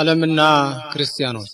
ዓለምና ክርስቲያኖች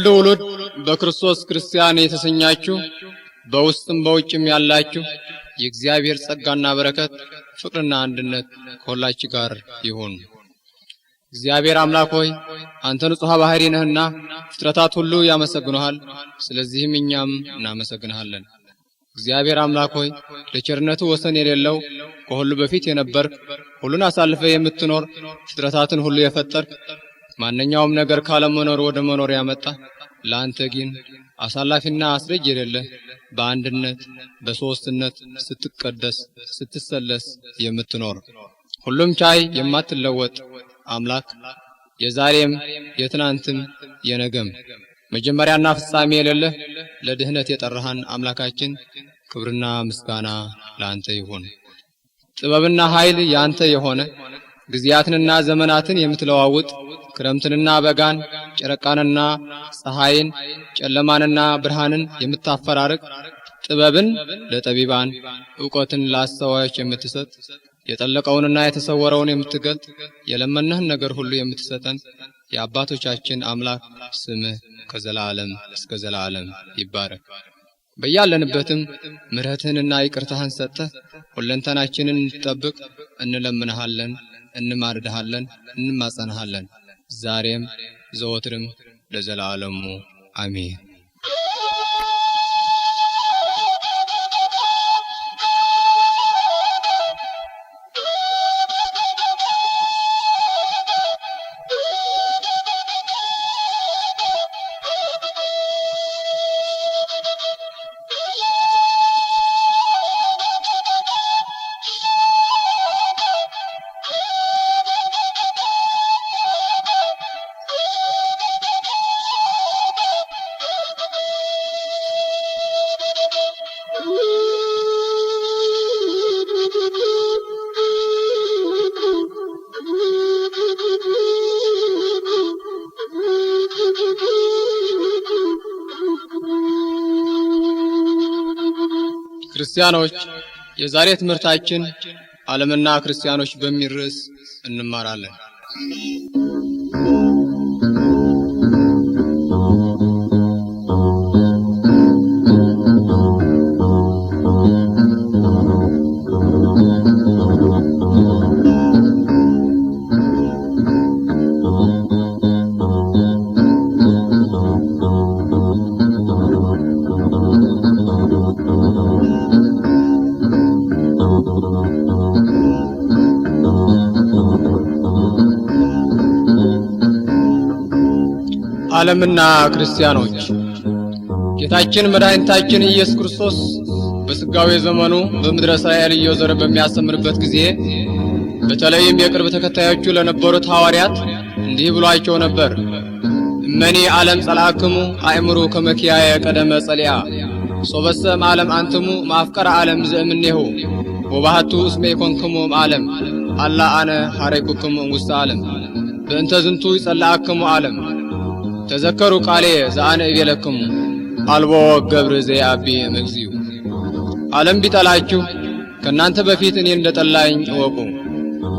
ሁሉ ውሉድ በክርስቶስ ክርስቲያን የተሰኛችሁ በውስጥም በውጭም ያላችሁ የእግዚአብሔር ጸጋና በረከት ፍቅርና አንድነት ከሁላችሁ ጋር ይሁን። እግዚአብሔር አምላክ ሆይ አንተ ንጹሐ ባህሪ ነህና ፍጥረታት ሁሉ ያመሰግኑሃል። ስለዚህም እኛም እናመሰግንሃለን። እግዚአብሔር አምላክ ሆይ ለቸርነቱ ወሰን የሌለው ከሁሉ በፊት የነበርክ ሁሉን አሳልፈ የምትኖር ፍጥረታትን ሁሉ የፈጠርክ ማንኛውም ነገር ካለመኖር ወደ መኖር ያመጣ ለአንተ ግን አሳላፊና አስረጅ የሌለ በአንድነት በሶስትነት ስትቀደስ ስትሰለስ የምትኖር ሁሉም ቻይ የማትለወጥ አምላክ የዛሬም የትናንትም የነገም መጀመሪያና ፍጻሜ የሌለ ለድህነት የጠራሃን አምላካችን ክብርና ምስጋና ለአንተ ይሁን። ጥበብና ኃይል ያንተ የሆነ ጊዜያትንና ዘመናትን የምትለዋውጥ ክረምትንና በጋን ጨረቃንና ፀሐይን ጨለማንና ብርሃንን የምታፈራርቅ ጥበብን ለጠቢባን እውቀትን ለአስተዋዮች የምትሰጥ የጠለቀውንና የተሰወረውን የምትገልጥ የለመነህን ነገር ሁሉ የምትሰጠን የአባቶቻችን አምላክ ስምህ ከዘላለም እስከ ዘላለም ይባረክ። በያለንበትም ምረትህንና ይቅርታህን ሰጥተህ ሁለንተናችንን እንድጠብቅ እንለምንሃለን፣ እንማርድሃለን፣ እንማጸንሃለን። ዛሬም ዘወትርም ለዘላለሙ አሜን። ክርስቲያኖች የዛሬ ትምህርታችን ዓለምና ክርስቲያኖች በሚል ርዕስ እንማራለን። ዓለምና ክርስቲያኖች ጌታችን መድኃኒታችን ኢየሱስ ክርስቶስ በስጋዊ ዘመኑ በምድረ እስራኤል እየዞረ በሚያስተምርበት ጊዜ በተለይም የቅርብ ተከታዮቹ ለነበሩት ሐዋርያት እንዲህ ብሏቸው ነበር። እመኒ ዓለም ጸላክሙ አእምሩ ከመኪያ የቀደመ ጸሊያ ሶበሰም ዓለም አንትሙ ማፍቀር ዓለም ዘእምኔሁ ወባህቱ እስሜ ኮንክሙም ዓለም አላ አነ ሐረይኩክሙ ውስተ ዓለም በእንተ ዝንቱ ይጸላአክሙ ዓለም ተዘከሩ ቃሌ ዘአንዕብ የለክሙ አልቦ ገብር ዘየአቢ እምግዚኡ። ዓለም ቢጠላችሁ ከእናንተ በፊት እኔ እንደ ጠላኝ እወቁ።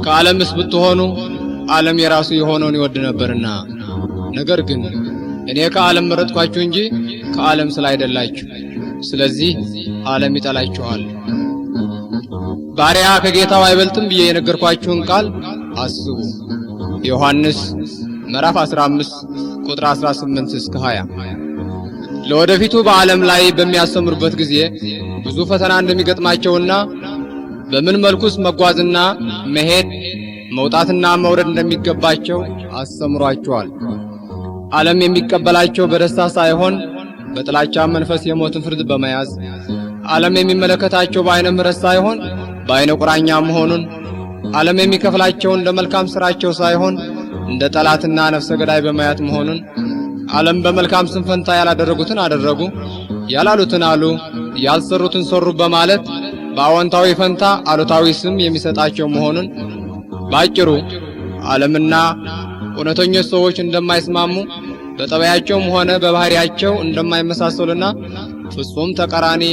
ከዓለምስ ብትሆኑ ዓለም የራሱ የሆነውን ይወድ ነበርና፣ ነገር ግን እኔ ከዓለም መረጥኳችሁ እንጂ ከዓለም ስላይደላችሁ፣ ስለዚህ ዓለም ይጠላችኋል። ባሪያ ከጌታው አይበልጥም ብዬ የነገርኳችሁን ቃል አስቡ። ዮሐንስ ምዕራፍ 15 ቁጥር 18 እስከ 20 ለወደፊቱ በዓለም ላይ በሚያስተምሩበት ጊዜ ብዙ ፈተና እንደሚገጥማቸውና በምን መልኩስ መጓዝና መሄድ መውጣትና መውረድ እንደሚገባቸው አስተምሯቸዋል። ዓለም የሚቀበላቸው በደስታ ሳይሆን በጥላቻ መንፈስ የሞትን ፍርድ በመያዝ ዓለም የሚመለከታቸው በአይነ ምሕረት ሳይሆን በአይነ ቁራኛ መሆኑን ዓለም የሚከፍላቸውን ለመልካም ስራቸው ሳይሆን እንደ ጠላትና ነፍሰ ገዳይ በማያት መሆኑን ዓለም በመልካም ስም ፈንታ ያላደረጉትን አደረጉ፣ ያላሉትን አሉ፣ ያልሰሩትን ሰሩ በማለት በአዎንታዊ ፈንታ አሉታዊ ስም የሚሰጣቸው መሆኑን ባጭሩ ዓለምና እውነተኞች ሰዎች እንደማይስማሙ በጠባያቸውም ሆነ በባህሪያቸው እንደማይመሳሰሉና ፍጹም ተቃራኒ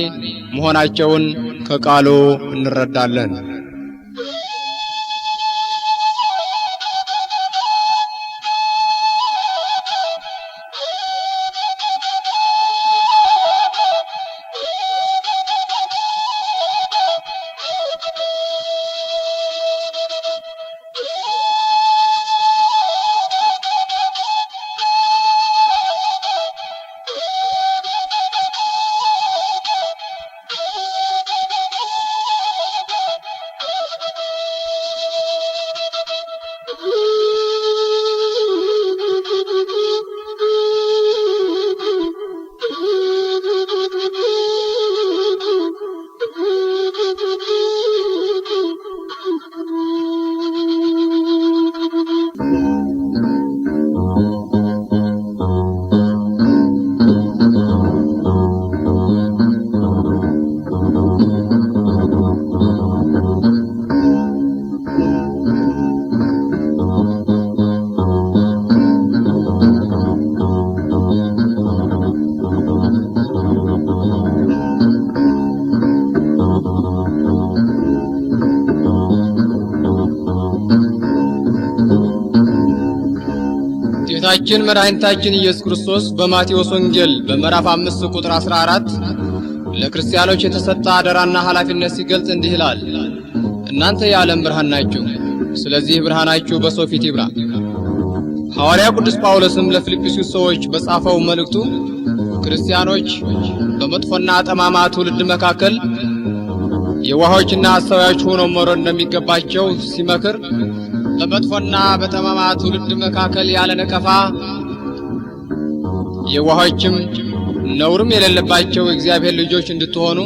መሆናቸውን ከቃሉ እንረዳለን። ጌታችን መድኃኒታችን ኢየሱስ ክርስቶስ በማቴዎስ ወንጌል በምዕራፍ 5 ቁጥር 14 ለክርስቲያኖች የተሰጠ አደራና ኃላፊነት ሲገልጽ እንዲህ ይላል፣ እናንተ የዓለም ብርሃን ናችሁ፣ ስለዚህ ብርሃናችሁ በሰው ፊት ይብራ። ሐዋርያ ቅዱስ ጳውሎስም ለፊልጵስዩስ ሰዎች በጻፈው መልእክቱ ክርስቲያኖች በመጥፎና ጠማማ ትውልድ መካከል የዋሆችና አስተዋዮች ሆኖ መኖር እንደሚገባቸው ሲመክር በመጥፎና በጠማማ ትውልድ መካከል ያለ ነቀፋ የዋሆችም ነውርም የሌለባቸው እግዚአብሔር ልጆች እንድትሆኑ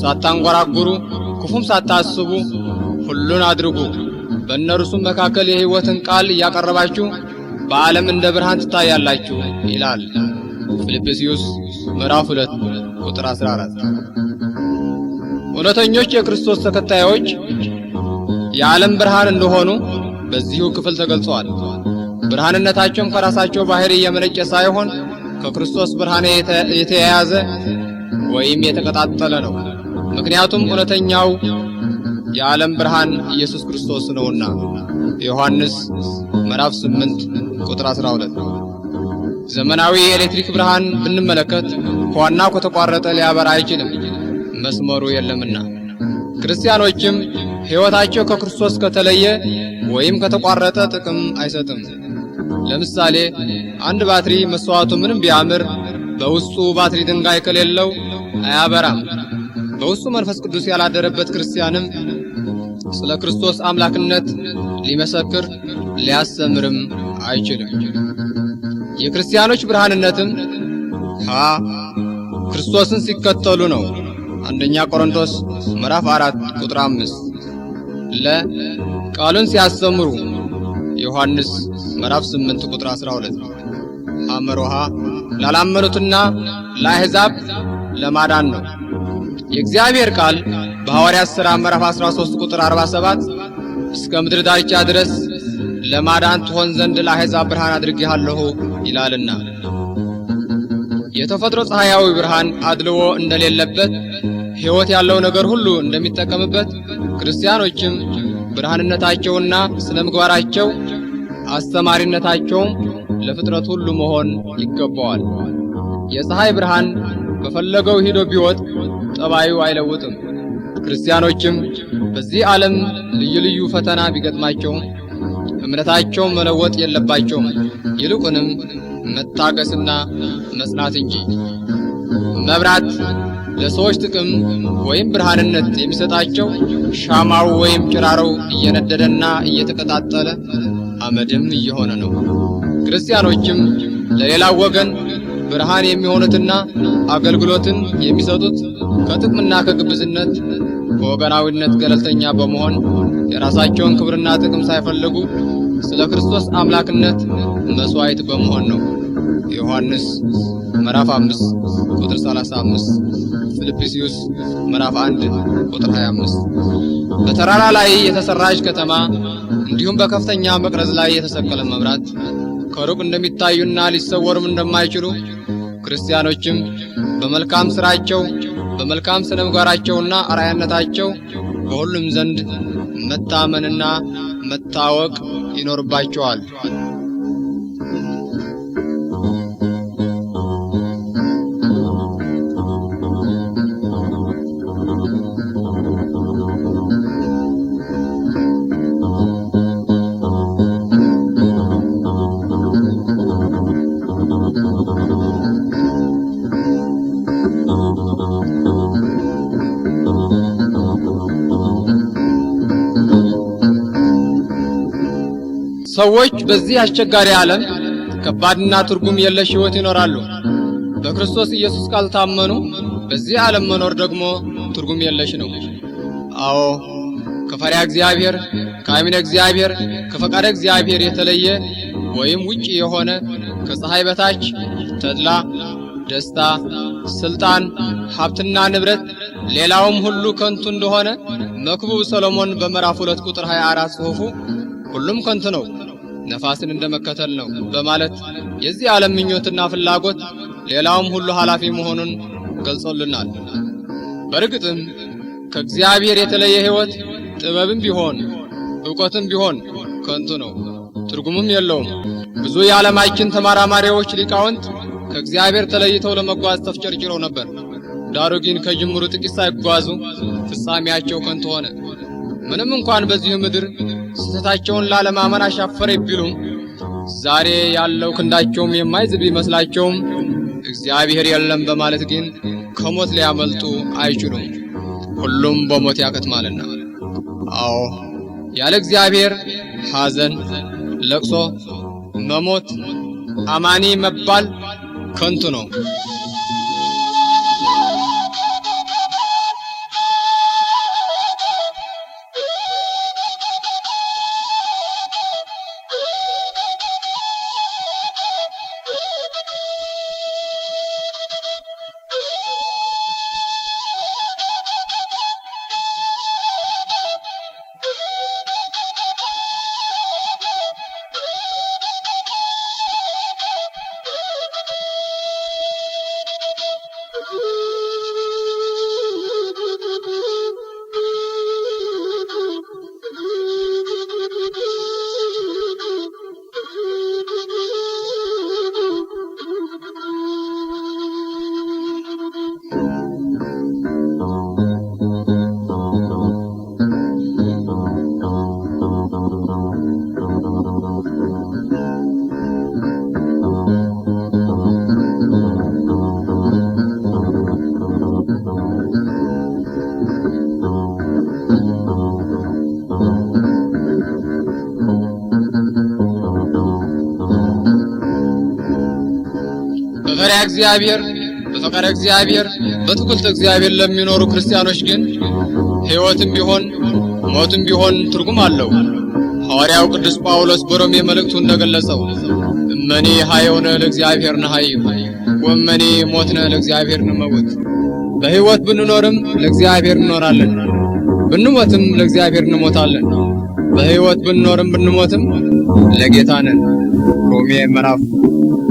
ሳታንጎራጉሩ ክፉም ሳታስቡ ሁሉን አድርጉ። በእነርሱም መካከል የሕይወትን ቃል እያቀረባችሁ በዓለም እንደ ብርሃን ትታያላችሁ ይላል ፊልጵስዩስ ምዕራፍ 2 ቁጥር 14። እውነተኞች የክርስቶስ ተከታዮች የዓለም ብርሃን እንደሆኑ በዚሁ ክፍል ተገልጸዋል። ብርሃንነታቸውም ከራሳቸው ባህሪ የመነጨ ሳይሆን ከክርስቶስ ብርሃን የተያያዘ ወይም የተቀጣጠለ ነው። ምክንያቱም እውነተኛው የዓለም ብርሃን ኢየሱስ ክርስቶስ ነውና ዮሐንስ ምዕራፍ 8 ቁጥር 12። ዘመናዊ የኤሌክትሪክ ብርሃን ብንመለከት ከዋናው ከተቋረጠ ሊያበራ አይችልም፣ መስመሩ የለምና። ክርስቲያኖችም ሕይወታቸው ከክርስቶስ ከተለየ ወይም ከተቋረጠ ጥቅም አይሰጥም። ለምሳሌ አንድ ባትሪ መስዋዕቱ ምንም ቢያምር በውስጡ ባትሪ ድንጋይ ከሌለው አያበራም። በውስጡ መንፈስ ቅዱስ ያላደረበት ክርስቲያንም ስለ ክርስቶስ አምላክነት ሊመሰክር ሊያስተምርም አይችልም። የክርስቲያኖች ብርሃንነትም ሀ ክርስቶስን ሲከተሉ ነው። አንደኛ ቆሮንቶስ ምዕራፍ 4 ቁጥር 5 ለ ቃሉን ሲያስተምሩ ዮሐንስ ምዕራፍ 8 ቁጥር 12 አመሮሃ ላላመኑትና ለአሕዛብ ለማዳን ነው። የእግዚአብሔር ቃል በሐዋርያት ሥራ ምዕራፍ 13 ቁጥር 47 እስከ ምድር ዳርቻ ድረስ ለማዳን ትሆን ዘንድ ለአሕዛብ ብርሃን አድርጌሃለሁ ይላልና የተፈጥሮ ፀሐያዊ ብርሃን አድልዎ እንደሌለበት ሕይወት ያለው ነገር ሁሉ እንደሚጠቀምበት ክርስቲያኖችም ብርሃንነታቸውና ስነ ምግባራቸው አስተማሪነታቸውም ለፍጥረት ሁሉ መሆን ይገባዋል። የፀሐይ ብርሃን በፈለገው ሂዶ ቢወጥ ጠባዩ አይለውጥም። ክርስቲያኖችም በዚህ ዓለም ልዩ ልዩ ፈተና ቢገጥማቸውም እምነታቸው መለወጥ የለባቸውም። ይልቁንም መታገስና መጽናት እንጂ መብራት ለሰዎች ጥቅም ወይም ብርሃንነት የሚሰጣቸው ሻማው ወይም ጭራረው እየነደደና እየተቀጣጠለ አመድም እየሆነ ነው። ክርስቲያኖችም ለሌላው ወገን ብርሃን የሚሆኑትና አገልግሎትን የሚሰጡት ከጥቅምና ከግብዝነት ከወገናዊነት ገለልተኛ በመሆን የራሳቸውን ክብርና ጥቅም ሳይፈልጉ ስለ ክርስቶስ አምላክነት መስዋዕት በመሆን ነው። ዮሐንስ ምዕራፍ 5 ቁጥር 35፣ ፊልጵስዩስ ምዕራፍ 1 ቁጥር 25። በተራራ ላይ የተሰራች ከተማ እንዲሁም በከፍተኛ መቅረዝ ላይ የተሰቀለ መብራት ከሩቅ እንደሚታዩና ሊሰወሩም እንደማይችሉ ክርስቲያኖችም በመልካም ስራቸው በመልካም ስነ ምግባራቸውና አርአያነታቸው በሁሉም ዘንድ መታመንና መታወቅ ይኖርባቸዋል። ሰዎች በዚህ አስቸጋሪ ዓለም ከባድና ትርጉም የለሽ ሕይወት ይኖራሉ። በክርስቶስ ኢየሱስ ካልታመኑ በዚህ ዓለም መኖር ደግሞ ትርጉም የለሽ ነው። አዎ ከፈሪያ እግዚአብሔር ከአሚነ እግዚአብሔር ከፈቃደ እግዚአብሔር የተለየ ወይም ውጭ የሆነ ከፀሐይ በታች ተድላ፣ ደስታ፣ ስልጣን፣ ሀብትና ንብረት ሌላውም ሁሉ ከንቱ እንደሆነ መክቡብ ሰሎሞን በምዕራፍ ሁለት ቁጥር 24 ጽሑፉ ሁሉም ከንቱ ነው ነፋስን እንደመከተል ነው በማለት የዚህ ዓለም ምኞትና ፍላጎት ሌላውም ሁሉ ኃላፊ መሆኑን ገልጾልናል። በእርግጥም ከእግዚአብሔር የተለየ ሕይወት ጥበብም ቢሆን ዕውቀትም ቢሆን ከንቱ ነው፣ ትርጉምም የለውም። ብዙ የዓለማችን ተመራማሪዎች፣ ሊቃውንት ከእግዚአብሔር ተለይተው ለመጓዝ ተፍጨርጭረው ነበር። ዳሩ ግን ከጅምሩ ጥቂት ሳይጓዙ ፍጻሜያቸው ከንቱ ሆነ። ምንም እንኳን በዚሁ ምድር ስህተታቸውን ላለማመን አሻፈረ ቢሉም ዛሬ ያለው ክንዳቸውም የማይዝብ ይመስላቸውም እግዚአብሔር የለም በማለት ግን ከሞት ሊያመልጡ አይችሉም። ሁሉም በሞት ያከትማልና። አዎ ያለ እግዚአብሔር ሐዘን፣ ለቅሶ፣ መሞት፣ አማኒ መባል ከንቱ ነው። በፈሪሃ እግዚአብሔር በፈቃድ እግዚአብሔር በትኩልት እግዚአብሔር ለሚኖሩ ክርስቲያኖች ግን ሕይወትም ቢሆን ሞትም ቢሆን ትርጉም አለው። ሐዋርያው ቅዱስ ጳውሎስ በሮሜ መልእክቱ እንደገለጸው እመኔ ሐየውነ ለእግዚአብሔር ነሐይ ወመኔ ሞትነ ለእግዚአብሔር ንመሞት፣ በሕይወት ብንኖርም ለእግዚአብሔር እንኖራለን፣ ብንሞትም ለእግዚአብሔር እንሞታለን። በሕይወት ብንኖርም ብንሞትም ለጌታ ነን። ሮሜ ምዕራፍ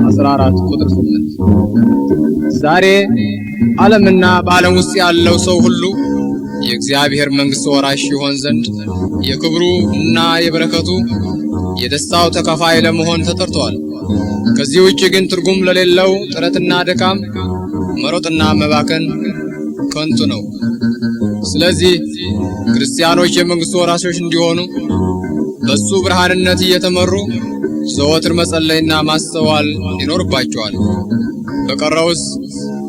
14 ቁጥር 8 ዛሬ ዓለምና በዓለም ውስጥ ያለው ሰው ሁሉ የእግዚአብሔር መንግሥት ወራሽ ይሆን ዘንድ የክብሩ እና የበረከቱ የደስታው ተካፋይ ለመሆን ተጠርቷል። ከዚህ ውጭ ግን ትርጉም ለሌለው ጥረትና ድካም መሮጥና መባከን ከንቱ ነው። ስለዚህ ክርስቲያኖች የመንግሥቱ ወራሾች እንዲሆኑ በሱ ብርሃንነት እየተመሩ ዘወትር መጸለይና ማስተዋል ይኖርባቸዋል። በቀረውስ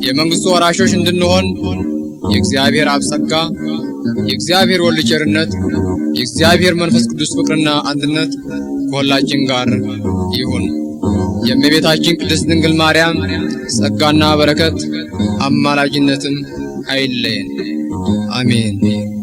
የመንግሥቱ ወራሾች እንድንሆን የእግዚአብሔር አብ ጸጋ፣ የእግዚአብሔር ወልድ ቸርነት፣ የእግዚአብሔር መንፈስ ቅዱስ ፍቅርና አንድነት ከሁላችን ጋር ይሁን። የእመቤታችን ቅድስት ድንግል ማርያም ጸጋና በረከት አማላጅነትም አይለየን። አሜን።